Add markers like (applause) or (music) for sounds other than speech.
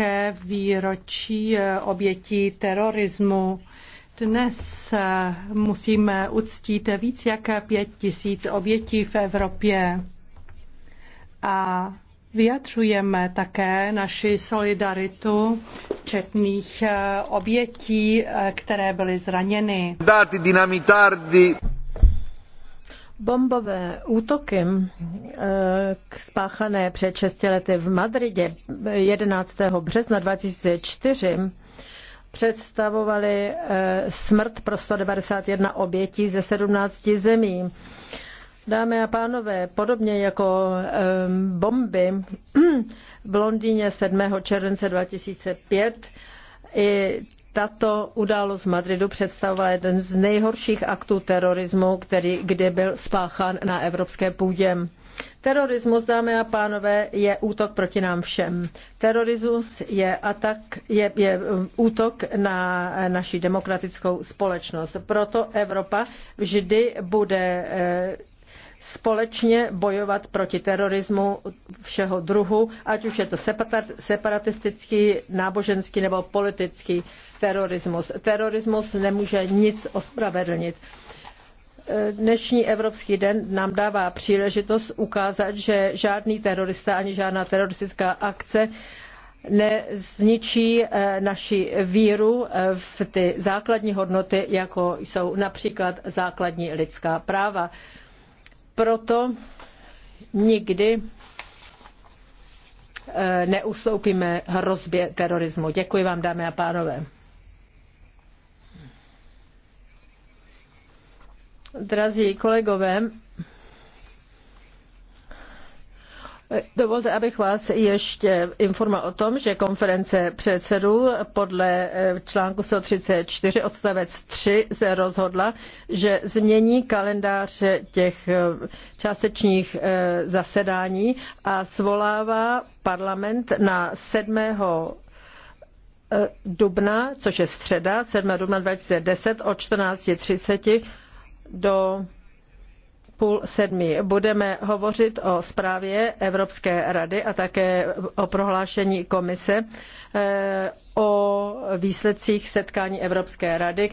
také výročí eh, obětí terorismu. Dnes eh, musíme uctít víc jak pět tisíc obětí v Evropě. A Vyjadřujeme také naši solidaritu četných eh, obětí, které byly zraněny. Dáty dynamitardi. Bombové útoky eh, spáchané před 6 lety v Madridě 11. Eh, března 2004 představovaly eh, smrt pro 191 obětí ze 17 zemí. Dámy a pánové, podobně jako bomby (clears throat) v Londýně 7. července 2005 i tato událost v Madridu představovala jeden z nejhorších aktů terorismu, který kdy byl spáchán na evropské půdě. Terorismus, dámy a pánové, je útok proti nám všem. Terorismus je, atak, je, je um, útok na eh, naši demokratickou společnost. Proto Evropa vždy bude eh, společně bojovat proti terorismu všeho druhu, ať už je to separatistický, náboženský nebo politický terorismus. Terorismus nemůže nic ospravedlnit. Dnešní Evropský den nám dává příležitost ukázat, že žádný terorista ani žádná teroristická akce nezničí eh, naši víru eh, v ty základní hodnoty, jako jsou například základní lidská práva. Proto nikdy eh, neustoupíme hrozbě terorismu. Děkuji vám, dámy a pánové. Drazí kolegové, Dovolte, abych vás ještě informoval o tom, že konference předsedů podle eh, článku 134 odstavec 3 se rozhodla, že změní kalendář těch eh, částečních eh, zasedání a svolává parlament na 7 dubna, což je středa, 7. dubna 2010 od 14.30 do půl sedmi. Budeme hovořit o zprávě Evropské rady a také o prohlášení komise eh, o výsledcích setkání Evropské rady,